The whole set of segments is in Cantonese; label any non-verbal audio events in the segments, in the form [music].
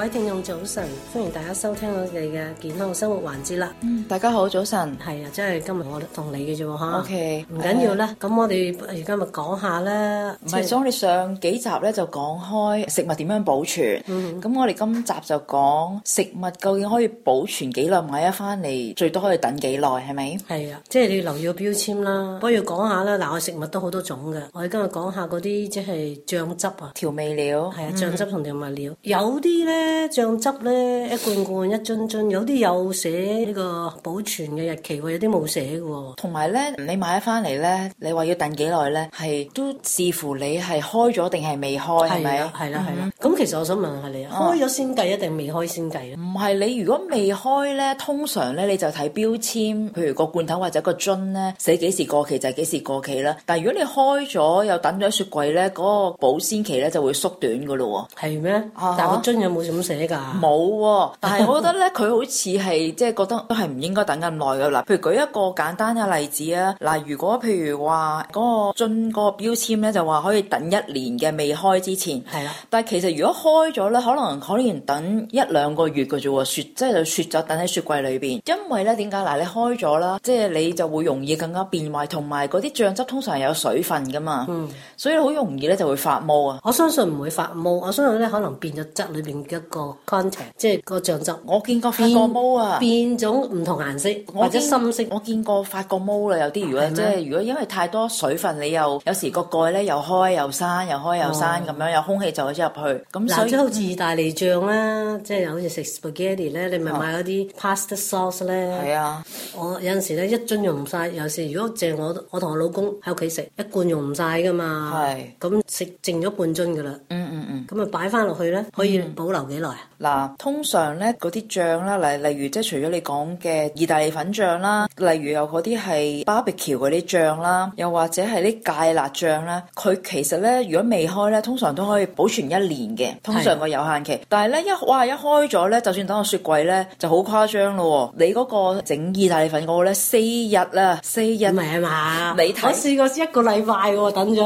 各位聽眾早晨，歡迎大家收聽我哋嘅健康生活環節啦、嗯。大家好，早晨係啊，真 Okay, 係今日我同你嘅啫，吓 OK，唔緊要啦。咁、uh, 我哋而家咪講下啦。唔係是，咁我哋上幾集咧就講開食物點樣保存。咁、嗯、哼我哋今集就講食物究竟可以保存幾耐，買一翻嚟最多可以等幾耐，係咪？係啊，即、就、係、是、你要留意個標籤啦。不如講下啦，嗱，我食物都好多種嘅。我哋今日講下嗰啲即係醬汁啊、調味料係啊、醬汁同調味料，有啲咧。醬汁咧，一罐罐、一樽樽，有啲有寫呢個保存嘅日期，有啲冇寫嘅喎。同埋咧，你買咗翻嚟咧，你話要等幾耐咧，係都視乎你係開咗定係未開，係咪啊？係啦吧，係啦。其實我想問下你了啊，開咗先計一定未開先計咧？唔係你如果未開咧，通常咧你就睇標籤，譬如個罐頭或者個樽咧，寫幾時過期就係幾時過期啦。但係如果你開咗又等咗雪櫃咧，嗰個保鮮期咧就會縮短噶咯喎。係咩？但係個樽有冇咁寫㗎？冇喎。但係我覺得咧，佢好似係即係覺得都係唔應該等咁耐㗎啦。譬如舉一個簡單嘅例子啊，嗱，如果譬如話嗰個樽嗰個標籤咧就話可以等一年嘅未開之前，係啦、啊。但係其實如果開咗咧，可能可能等一兩個月嘅啫喎，雪即係、就係、雪就等喺雪櫃裏邊。因為咧點解嗱？你開咗啦，即、就、係、係、你就會容易更加變壞，同埋嗰啲醬汁通常係有水分嘅嘛。嗯，所以好容易咧就會發毛啊！我相信唔會發毛，我相信咧可能變咗質裏邊嘅一個 content，即係個醬汁。我見過發過毛啊，變種唔同顏色或者深色。我見過發過毛啦，有啲如果，啊、即係如果因為太多水分，你又有，有時個蓋咧又開又閂，又開又閂咁、嗯、樣，有空氣就可以入去。嗱，即好似意大利醬啦，嗯、即係又好似食 spaghetti 咧，嗯、你咪買嗰啲 pasta sauce 咧。係啊，我有陣時咧一樽用唔晒，有時、嗯、如果淨我，我同我老公喺屋企食，一罐用唔晒噶嘛。係是。咁食剩咗半樽噶啦。嗯嗯嗯。咁啊，擺翻落去咧，可以保留幾耐、嗯、啊？嗱，通常咧嗰啲醬啦，例例如即係除咗你講嘅意大利粉醬啦，嗯、例如又嗰啲係 barbecue 嗰啲醬啦，又或者係啲芥辣醬啦，佢其實咧如果未開咧，通常都可以保存一年嘅。通常個有限期，是的但係咧一哇一開咗咧，就算等個雪櫃咧就好誇張咯。你嗰個整意大利粉嗰個咧看四日啦，四日咪係嘛？你睇我試過一個禮拜喎，等咗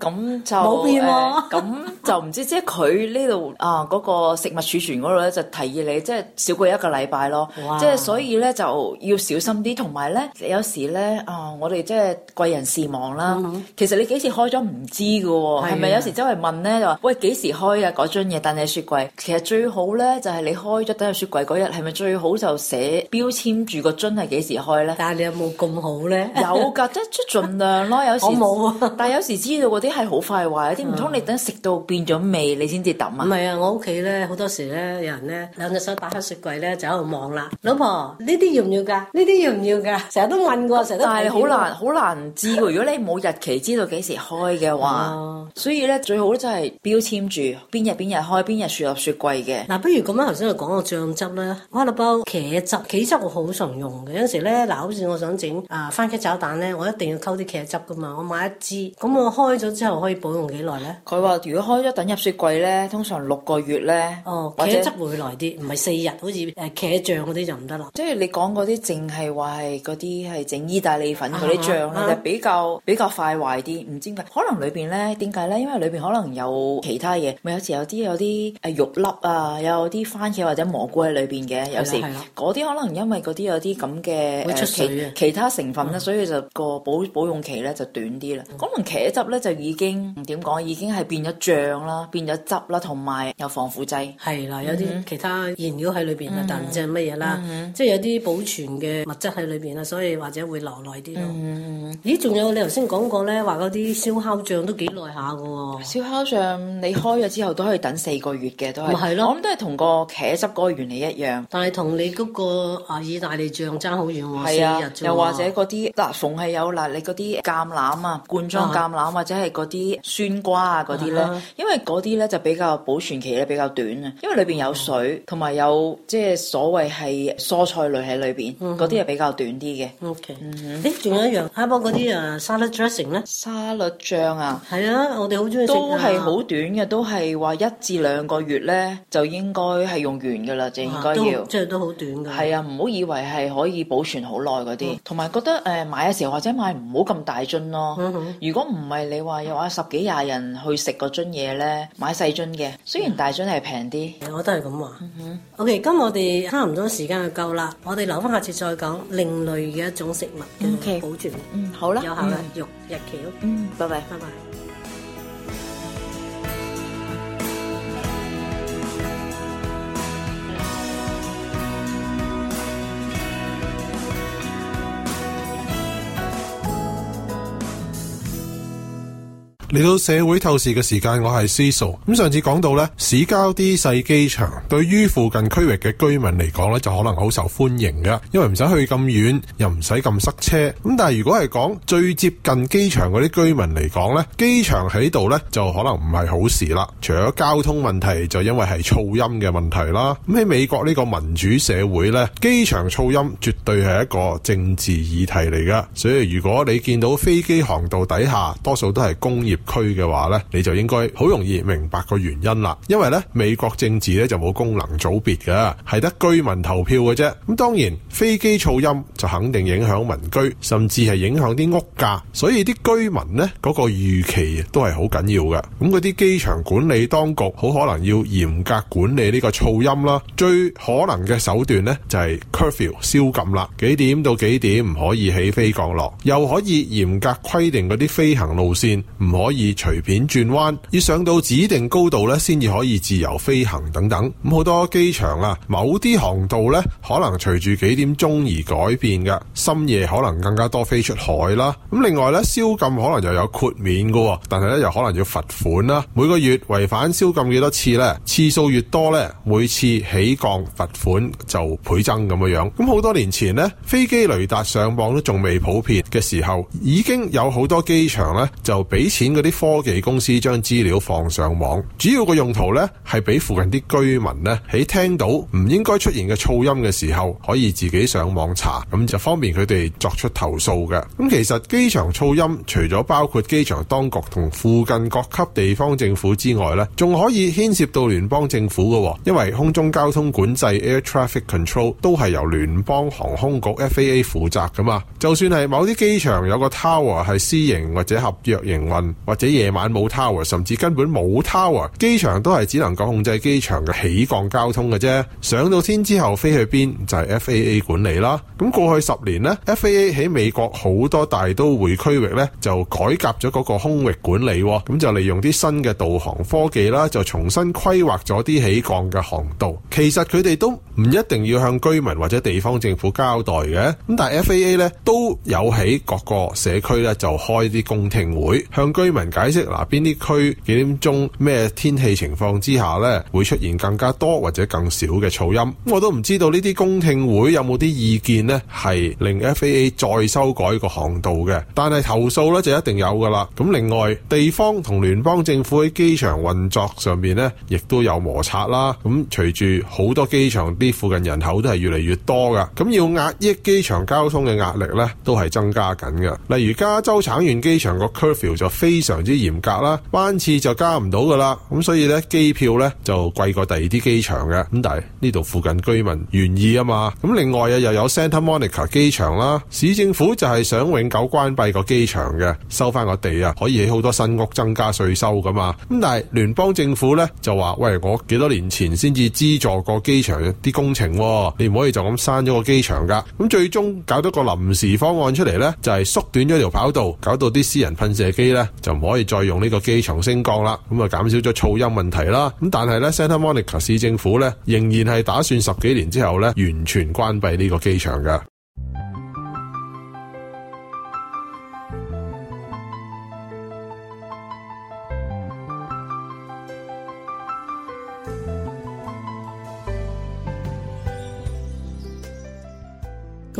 咁 [laughs] 就冇變喎、啊。咁、欸、就唔知道，即係佢呢度啊嗰、那個食物儲存嗰度咧，就提議你即係少過一個禮拜咯。哇即係所以咧就要小心啲，同埋咧有時咧啊，我哋即係貴人事忙啦。嗯、哼其實你幾時開咗唔知噶、哦，係咪的有時周圍問咧就話喂幾時開？開啊！嗰樽嘢，等你雪櫃，其實最好咧，就係、係、你開咗，等喺雪櫃嗰日，係咪最好就寫標籤住個樽係幾時開咧？但你有冇咁好咧？ [laughs] 有㗎，即出盡量咯。有時冇啊！但有時知道嗰啲係好快壞，有啲唔通你等食到變咗味，嗯、你先至抌啊？唔係啊！我屋企咧好多時咧，有人咧兩隻手打開雪櫃咧，就喺度望啦。老婆，呢啲要唔要㗎？呢啲要唔要㗎？成日、嗯、都問過，成日都好難，好難知。如果你冇日期知道幾時開嘅話，嗯、所以咧最好咧就係標籤住。邊日邊日開，邊日雪入雪櫃嘅嗱，不如咁樣，頭先又講個醬汁啦，我買包茄汁，茄汁我好常用嘅，有時咧嗱、啊，好似我想整啊、呃、番茄炒蛋咧，我一定要溝啲茄汁噶嘛，我買一支，咁、嗯嗯嗯、我開咗之後可以保用幾耐咧？佢話如果開咗等入雪櫃咧，通常六個月咧，哦，或者茄汁會耐啲，唔係四日，好似誒茄醬嗰啲就唔得啦。即係你講嗰啲淨係話係嗰啲係整意大利粉嗰啲醬咧，就、啊啊啊、比較比較快壞啲，唔知點解？可能裏邊咧點解咧？因為裏邊可能有其他嘢。咪有時有啲有啲誒肉粒啊，有啲番茄或者蘑菇喺裏邊嘅。有時嗰啲可能因為嗰啲有啲咁嘅誒，其他成分咧，嗯、所以就個保保用期咧就短啲啦。嗯、可能茄汁咧就已經點講，已經係變咗醬啦，變咗汁啦，同埋有，有防腐劑。係、嗯、啦，嗯、有啲其他原料喺裏邊啊，但唔知係乜嘢啦。即係有啲保存嘅物質喺裏邊啦，所以或者會留耐啲咯。嗯、咦？仲有你頭先講過咧，話嗰啲燒烤醬都幾耐下㗎喎。燒烤醬你開咗？之後都可以等四個月嘅都係，我諗都係同個茄汁嗰個原理一樣。但係同你嗰個啊意大利醬爭好遠喎，四日又或者嗰啲嗱，逢係有嗱，你嗰啲橄欖啊、罐裝橄欖或者係嗰啲酸瓜啊嗰啲咧，因為嗰啲咧就比較保存期咧比較短啊，因為裏邊有水同埋有即係所謂係蔬菜類喺裏邊，嗰啲係比較短啲嘅。O K，嗯，誒仲有一樣，嚇，不過嗰啲啊沙律 dressing 咧，沙律醬啊，係啊，我哋好中意食都係好短嘅，都係。係話一至兩個月咧，就應該係用完噶啦，就應該要。即係都好短噶。係啊，唔好以為係可以保存好耐嗰啲。同埋、嗯、覺得誒、呃，買嘅時候或者買唔好咁大樽咯。嗯、哼如果唔係你話又話十幾廿人去食個樽嘢咧，買細樽嘅。雖然大樽係平啲，嗯、我都係咁話。嗯、哼 OK，咁我哋差唔多時間就夠啦，我哋留翻下次再講另類嘅一種食物嘅 OK，保存。嗯，好啦，有效嘅肉日期。嗯，子嗯，拜拜，拜拜。嚟到社會透視嘅時間，我係 Cecil。咁上次講到呢，市郊啲細機場對於附近區域嘅居民嚟講呢，就可能好受歡迎嘅，因為唔使去咁遠，又唔使咁塞車。咁但係如果係講最接近機場嗰啲居民嚟講呢，機場喺度呢，就可能唔係好事啦。除咗交通問題，就因為係噪音嘅問題啦。咁喺美國呢個民主社會呢，機場噪音絕對係一個政治議題嚟噶。所以如果你見到飛機航道底下，多數都係工業。區嘅話呢，你就應該好容易明白個原因啦。因為呢，美國政治呢就冇功能組別嘅，係得居民投票嘅啫。咁當然，飛機噪音就肯定影響民居，甚至係影響啲屋價。所以啲居民呢，嗰個預期都係好緊要嘅。咁嗰啲機場管理當局好可能要嚴格管理呢個噪音啦。最可能嘅手段呢，就係 curfew 宵禁啦，幾點到幾點唔可以起飛降落，又可以嚴格規定嗰啲飛行路線唔可。可以隨便轉彎，要上到指定高度咧，先至可以自由飛行等等。咁好多機場啊，某啲航道咧，可能隨住幾點鐘而改變嘅。深夜可能更加多飛出海啦。咁另外咧，宵禁可能又有豁免嘅，但係咧又可能要罰款啦。每個月違反宵禁幾多次咧，次數越多咧，每次起降罰款就倍增咁樣樣。咁好多年前呢，飛機雷達上網都仲未普遍嘅時候，已經有好多機場咧就俾錢，嗰啲科技公司將資料放上網，主要個用途呢係俾附近啲居民呢喺聽到唔應該出現嘅噪音嘅時候，可以自己上網查，咁就方便佢哋作出投訴嘅。咁其實機場噪音除咗包括機場當局同附近各級地方政府之外呢，仲可以牽涉到聯邦政府噶，因為空中交通管制 （air traffic control） 都係由聯邦航空局 （FAA） 負責噶嘛。就算係某啲機場有個 tower 係私營或者合約營運。或者夜晚冇 tower，甚至根本冇 tower，機場都係只能夠控制機場嘅起降交通嘅啫。上到天之後飛去邊就係 FAA 管理啦。咁過去十年咧，FAA 喺美國好多大都會區域咧就改革咗嗰個空域管理，咁就利用啲新嘅導航科技啦，就重新規劃咗啲起降嘅航道。其實佢哋都唔一定要向居民或者地方政府交代嘅。咁但係 FAA 咧都有喺各個社區咧就開啲公聽會，向居民。人解釋嗱，邊啲區幾點鐘咩天氣情況之下呢，會出現更加多或者更少嘅噪音。我都唔知道呢啲公聽會有冇啲意見呢，係令 FAA 再修改個航道嘅。但係投訴呢，就一定有噶啦。咁另外，地方同聯邦政府喺機場運作上面呢，亦都有摩擦啦。咁隨住好多機場啲附近人口都係越嚟越多噶，咁要壓抑機場交通嘅壓力呢，都係增加緊嘅。例如加州橙園機場個 curfew 就非常。非常之嚴格啦，班次就加唔到噶啦，咁所以呢，機票呢就貴過第二啲機場嘅，咁但係呢度附近居民願意啊嘛，咁另外啊又有 Santa Monica 機場啦，市政府就係想永久關閉個機場嘅，收翻個地啊，可以起好多新屋增加稅收噶嘛，咁但係聯邦政府呢就話：喂，我幾多年前先至資助過機場啲工程，你唔可以就咁刪咗個機場噶，咁最終搞咗個臨時方案出嚟呢，就係、是、縮短咗條跑道，搞到啲私人噴射機呢。就。唔可以再用呢個機場升降啦，咁啊減少咗噪音問題啦。咁但係咧，Santa Monica 市政府咧仍然係打算十幾年之後咧完全關閉呢個機場嘅。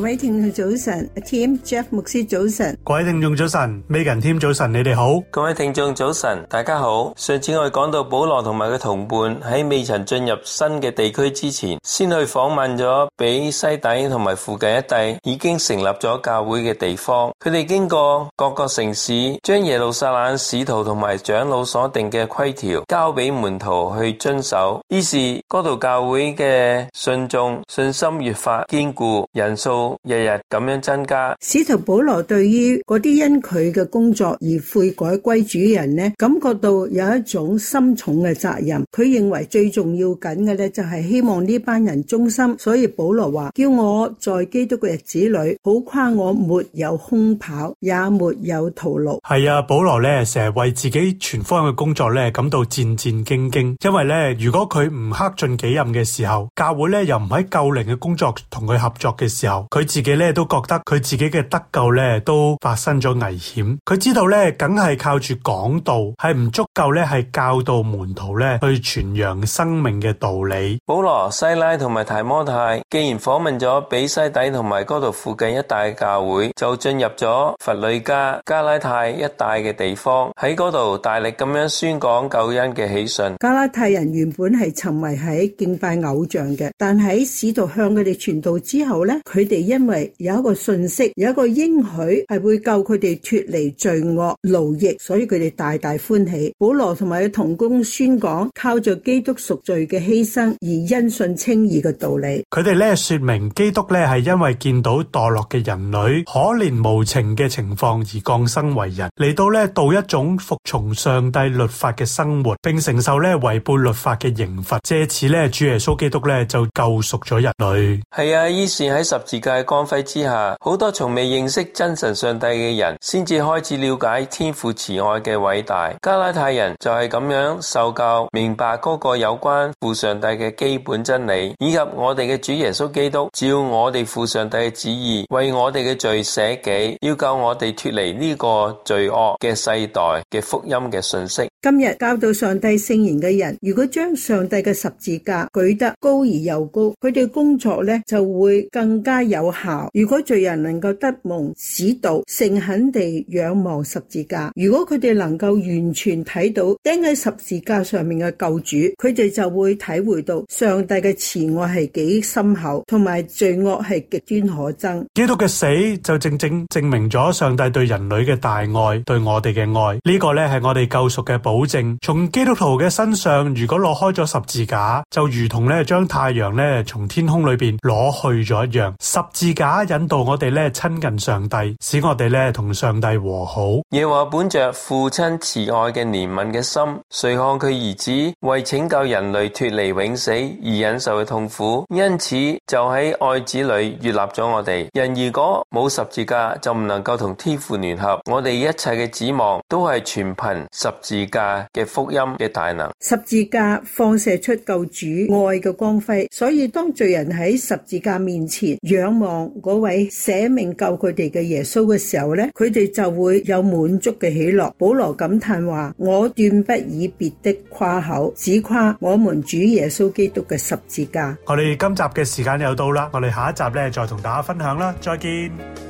各位聽眾早晨，Tim Jeff 牧師早晨，各位聽眾早晨，Morning Tim 早晨，你哋好，各位聽眾早晨，大家好。上次我哋講到保羅同埋佢同伴喺未曾進入新嘅地區之前，先去訪問咗比西底同埋附近一地已經成立咗教會嘅地方。佢哋經過各個城市，將耶路撒冷使徒同埋長老所定嘅規條交俾門徒去遵守。於是，嗰度教會嘅信眾信心越發堅固，人數，日日咁樣增加。使徒保羅對於嗰啲因佢嘅工作而悔改歸主人呢，感覺到有一種深重嘅責任。佢認為最重要緊嘅呢，就係希望呢班人忠心。所以保羅話：，叫我在基督嘅日子裏，好誇我沒有空跑，也沒有徒勞。係啊，保羅呢，成日為自己全方位嘅工作呢，感到戰戰兢兢。因為呢，如果佢唔克盡己任嘅時候，教會呢，又唔喺救靈嘅工作同佢合作嘅時候，佢自己咧都覺得佢自己嘅得救咧都發生咗危險，佢知道咧梗係靠住講道係唔足夠咧，係教導門徒咧去傳揚生命嘅道理。保羅、西拉同埋提摩太，既然訪問咗比西底同埋嗰度附近一帶教會，就進入咗佛里加、加拉太一帶嘅地方，喺嗰度大力咁樣宣講救恩嘅喜訊。加拉太人原本係沉迷喺敬拜偶像嘅，但喺使徒向佢哋傳道之後咧，佢哋。因為有一個信息，有一個應許係會救佢哋脱離罪惡奴役，所以佢哋大大歡喜。保羅同埋佢同工宣講靠著基督贖罪嘅犧牲而因信稱義嘅道理。佢哋呢說明基督咧係因為見到墮落嘅人類可憐無情嘅情況而降生為人，嚟到咧度一種服從上帝律法嘅生活，並承受咧違背律法嘅刑罰。借此咧，主耶穌基督咧就救贖咗人類。係啊，於是喺十字架。光輝之下，好多從未認識真神上帝嘅人，先至開始了解天父慈愛嘅偉大。加拉太人就係咁樣受教，明白嗰個有關父上帝嘅基本真理，以及我哋嘅主耶穌基督照我哋父上帝嘅旨意，為我哋嘅罪捨己，要救我哋脫離呢個罪惡嘅世代嘅福音嘅信息。今日教導上帝聖言嘅人，如果將上帝嘅十字架舉得高而又高，佢哋工作咧就會更加有有效。如果罪人能夠得蒙指導，誠懇地仰望十字架，如果佢哋能夠完全睇到釘喺十字架上面嘅救主，佢哋就會體會到上帝嘅慈愛係幾深厚，同埋罪惡係極端可憎。基督嘅死就正正證明咗上帝對人類嘅大愛，對我哋嘅愛呢個咧係我哋救贖嘅保證。從基督徒嘅身上，如果攞開咗十字架，就如同咧將太陽咧從天空裏邊攞去咗一樣濕字架引導我哋咧親近上帝，使我哋咧同上帝和好。耶和本着父親慈愛嘅憐憫嘅心，垂看佢兒子為拯救人類脫離永死而忍受嘅痛苦，因此就喺愛子裏悅納咗我哋。人如果冇十字架，就唔能夠同天父聯合。我哋一切嘅指望都係全憑十字架嘅福音嘅大能。十字架放射出救主愛嘅光輝，所以當罪人喺十字架面前仰望嗰位捨命救佢哋嘅耶穌嘅時候呢，佢哋就會有滿足嘅喜樂。保羅感嘆話：我斷不以別的誇口，只誇我們主耶穌基督嘅十字架。我哋今集嘅時間又到啦，我哋下一集呢，再同大家分享啦，再見。